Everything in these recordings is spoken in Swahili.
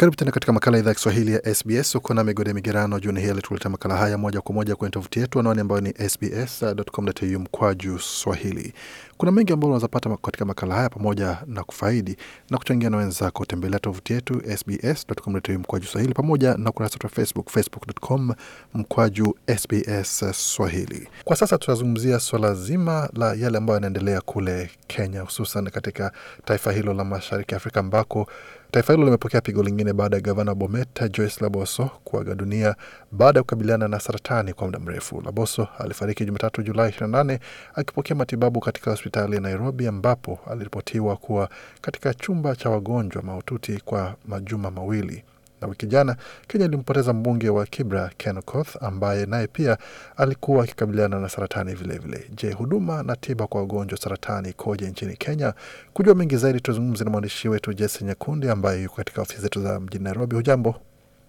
Karibu tena katika makala ya idhaa ya Kiswahili ya SBS. Uko na migode migerano juni hii alituleta makala haya moja kwa moja kwenye tovuti yetu, anwani ambayo ni sbs.com.au mkwaju swahili. Kuna mengi ambayo unaweza pata katika makala haya, pamoja na kufaidi na kuchangia na wenzako. Tembelea tovuti yetu sbs.com.au mkwaju swahili, pamoja na ukurasa wetu wa Facebook, facebook.com mkwaju sbs swahili. Kwa sasa tutazungumzia swala zima la yale ambayo yanaendelea kule Kenya, hususan katika taifa hilo la mashariki Afrika ambako Taifa hilo limepokea pigo lingine baada ya gavana wa Bometa Joyce Laboso kuaga dunia baada ya kukabiliana na saratani kwa muda mrefu. Laboso alifariki Jumatatu, Julai 28 akipokea matibabu katika hospitali ya Nairobi, ambapo aliripotiwa kuwa katika chumba cha wagonjwa mahututi kwa majuma mawili. Na wiki jana Kenya ilimpoteza mbunge wa Kibra Ken Okoth ambaye naye pia alikuwa akikabiliana na saratani vilevile vile. Je, huduma na tiba kwa wagonjwa saratani ikoje nchini Kenya? Kujua mengi zaidi, tuzungumze na mwandishi wetu Jesse Nyakundi ambaye yuko katika ofisi zetu za mjini Nairobi. Hujambo?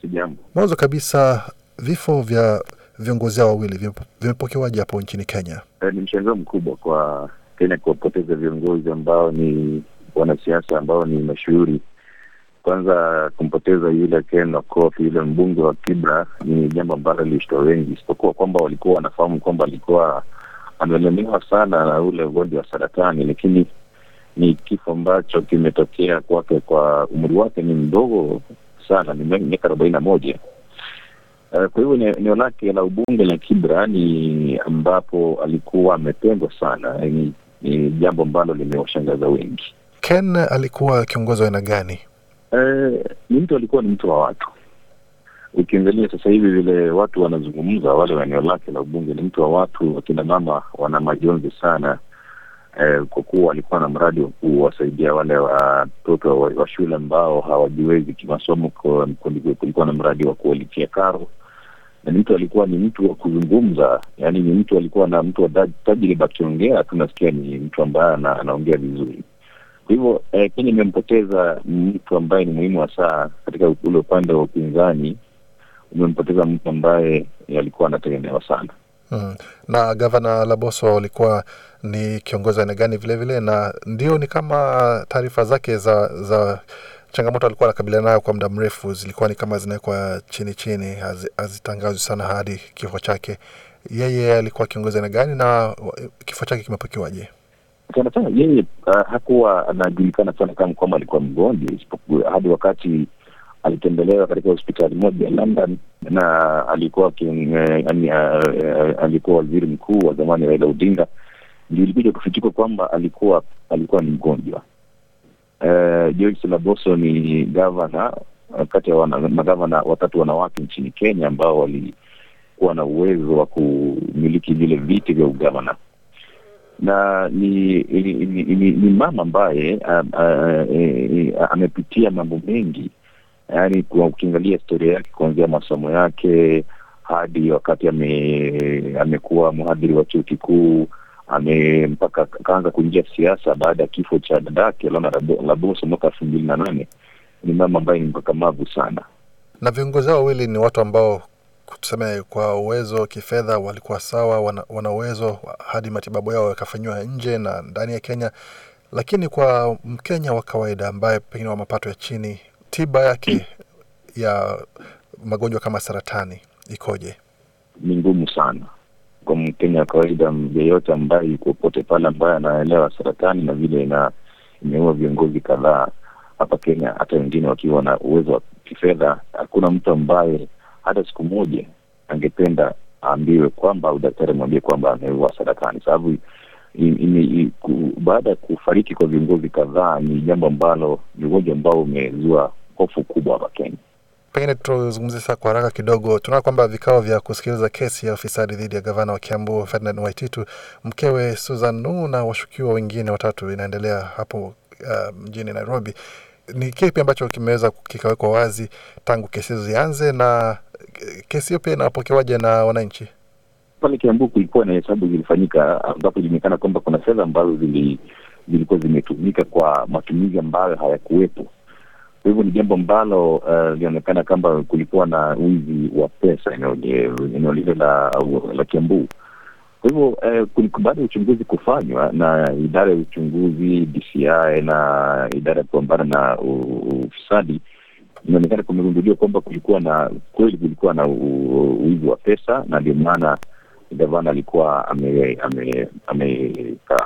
Sijambo. Mwanzo kabisa, vifo vya viongozi hao wawili vimepokewaje hapo nchini Kenya? E, ni mshangao mkubwa kwa Kenya kuwapoteza viongozi ambao ni wanasiasa ambao ni mashuhuri kwanza kumpoteza yule Ken Okoth, yule mbunge wa Kibra, ni jambo ambalo lilishtua wengi, isipokuwa kwamba walikuwa wanafahamu kwamba alikuwa amelemewa sana na ule ugonjwa wa saratani, lakini ni kifo ambacho kimetokea kwake kwa umri wake ni mdogo sana, ni miaka arobaini na moja. Uh, kwa hivyo eneo lake la ubunge la Kibra ni ambapo alikuwa ametengwa sana, ni, ni jambo ambalo limewashangaza wengi. Ken alikuwa kiongozi wa aina gani? Eh, ni mtu alikuwa ni mtu wa watu. Ukiangalia sasa hivi vile watu wanazungumza, wale wa eneo lake la ubunge, ni mtu wa watu. Wakina mama wana majonzi sana eh, kwa kuwa walikuwa na mradi wa kuwasaidia wale watoto wa, wa shule ambao hawajiwezi kimasomo. Kulikuwa na mradi wa kuwalikia karo na ni mtu alikuwa ni mtu wa kuzungumza, yani ni mtu alikuwa na mtu wa tajriba. Akiongea tunasikia ni mtu ambaye anaongea vizuri hivyo eh, Kenya imempoteza mtu ambaye ni muhimu hasa katika ule upande wa upinzani, umempoteza mtu ambaye alikuwa anategemewa sana. Hmm. Na gavana Laboso alikuwa ni kiongozi aina gani vilevile, na ndio ni kama taarifa zake za za changamoto alikuwa anakabiliana nayo kwa muda mrefu zilikuwa ni kama zinawekwa chini chini, hazitangazwi sana hadi kifo chake. Yeye alikuwa kiongozi aina gani na kifo chake kimepokewaje? sana sana yeye uh, hakuwa anajulikana sana kama kwamba alikuwa mgonjwa, isipokuwa hadi wakati alitembelewa katika hospitali moja ya London na alikuwa uh, uh, uh, alikuwa waziri mkuu wa zamani Raila Odinga, ndio ilikuja kufichuka kwamba alikuwa alikuwa ni mgonjwa. Uh, Laboso ni gavana kati ya magavana watatu wanawake nchini Kenya ambao walikuwa na uwezo wa kumiliki vile viti vya ugavana na ni ni, ni, ni, ni mama ambaye e, e, amepitia mambo mengi, yaani ukiangalia historia yake kuanzia masomo yake hadi wakati ame, amekuwa mhadhiri wa chuo kikuu ame mpaka akaanza kuingia siasa baada ya kifo cha dadake Lona Laboso mwaka elfu mbili na nane. Ni mama ambaye ni mkakamavu sana, na viongozi hao wawili ni watu ambao tuseme kwa uwezo kifedha walikuwa sawa, wana, uwezo hadi matibabu yao yakafanyiwa nje na ndani ya Kenya, lakini kwa Mkenya wa kawaida ambaye pengine wa mapato ya chini, tiba yake ya magonjwa kama saratani ikoje? Ni ngumu sana kwa Mkenya wa kawaida yeyote ambaye yuko pote pale, ambaye anaelewa saratani na vile ina imeua viongozi kadhaa hapa Kenya, hata wengine wakiwa na uwezo wa kifedha. Hakuna mtu ambaye hata siku moja angependa aambiwe kwamba au daktari amwambie kwamba ameua saratani, sababu baada ya kufariki kwa viongozi kadhaa ni jambo ambalo ni ugonjwa ambao umezua hofu kubwa hapa Kenya. Pengine tuzungumze sasa kwa haraka kidogo. Tunaona kwamba vikao vya kusikiliza kesi ya ufisadi dhidi ya gavana wa Kiambu Ferdinand Waititu, mkewe Susan nu na washukiwa wengine watatu inaendelea hapo uh, mjini Nairobi ni kipi ambacho kimeweza kikawekwa wazi tangu kesi hizo zianze, na eh, kesi hiyo pia inapokewaje na wananchi? Pale Kiambu kulikuwa na hesabu zilifanyika, ambapo ilionekana kwamba kuna fedha ambazo zili zilikuwa zimetumika kwa matumizi ambayo hayakuwepo. Kwa hivyo ni jambo ambalo eh, linaonekana uh, kwamba kulikuwa na wizi wa pesa eneo lile la, la kiambuu kwa hivyo eh, baada ya uchunguzi kufanywa na idara ya uchunguzi DCI na idara ya kupambana na ufisadi, inaonekana kumegunduliwa kwamba kulikuwa na kweli, kulikuwa na wizi wa pesa, na ndio maana gavana alikuwa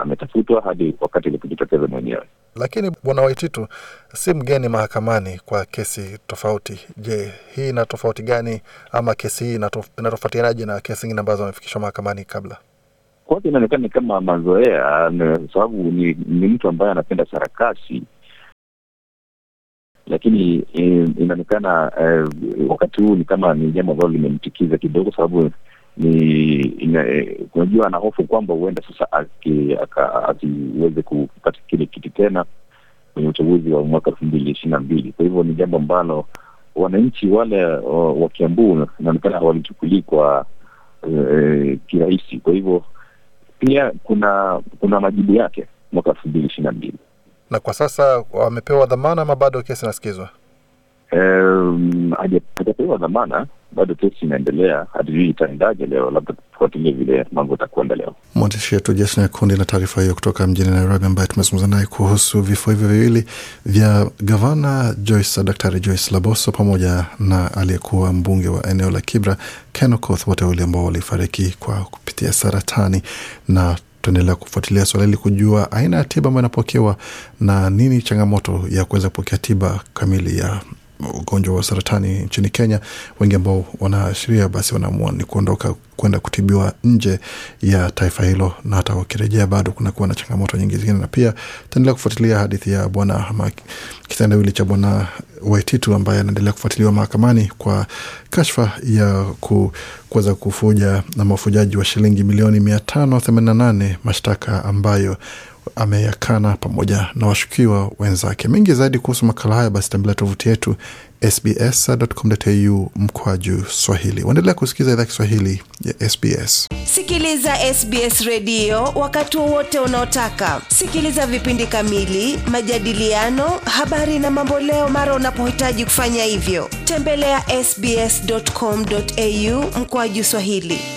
ametafutwa hadi wakati alipojitokeza mwenyewe. Lakini bwana Waititu si mgeni mahakamani kwa kesi tofauti. Je, hii ina tofauti gani ama kesi hii inatofautianaje na kesi zingine ambazo amefikishwa mahakamani kabla? Kwake inaonekana ni kama mazoea, sababu ni, ni mtu ambaye anapenda sarakasi lakini eh, inaonekana eh, wakati huu ni kama ni jambo ambalo limemtikiza kidogo, sababu ni eh, unajua, ana hofu kwamba huenda sasa asiweze kupata kile kiti tena kwenye uchaguzi wa mwaka elfu mbili ishirini na mbili. Kwa hivyo ni jambo ambalo wananchi wale wa Kiambu inaonekana hawalichukulii kwa e, kirahisi. Kwa hivyo pia kuna kuna majibu yake mwaka elfu mbili ishirini na mbili. Na kwa sasa wamepewa dhamana ama bado kesi inasikizwa? Hajapewa um, dhamana bado kesi inaendelea, hatujui itaendaje leo, labda tufuatilie vile mambo itakwenda leo. Mwandishi wetu Jason Nyakundi na taarifa hiyo kutoka mjini Nairobi, ambaye tumezungumza naye kuhusu vifo hivyo viwili vya gavana Joyce, Daktari Joyce Laboso pamoja na aliyekuwa mbunge wa eneo la Kibra Ken Okoth, wote wawili ambao walifariki kwa kupitia saratani na tutaendelea kufuatilia swala hili kujua aina ya tiba ambayo inapokewa na nini changamoto ya kuweza kupokea tiba kamili ya ugonjwa wa saratani nchini Kenya, wengi ambao wanaashiria basi wanaamua ni kuondoka kwenda kutibiwa nje ya taifa hilo, na hata wakirejea bado kunakuwa na changamoto nyingi zingine. Na pia taendelea kufuatilia hadithi ya bwana ama kitendawili cha bwana Waititu ambaye anaendelea kufuatiliwa mahakamani kwa kashfa ya ku, kuweza kufuja na mafujaji wa shilingi milioni mia tano themanini na nane mashtaka ambayo ameyakana pamoja na washukiwa wenzake. Mengi zaidi kuhusu makala haya, basi tembelea tovuti yetu sbs.com.au mkwaju swahili. Waendelea kusikiliza idhaa Kiswahili ya SBS. Sikiliza SBS redio wakati wowote unaotaka. Sikiliza vipindi kamili, majadiliano, habari na mamboleo mara unapohitaji kufanya hivyo. Tembelea ya sbs.com.au mkwaju swahili.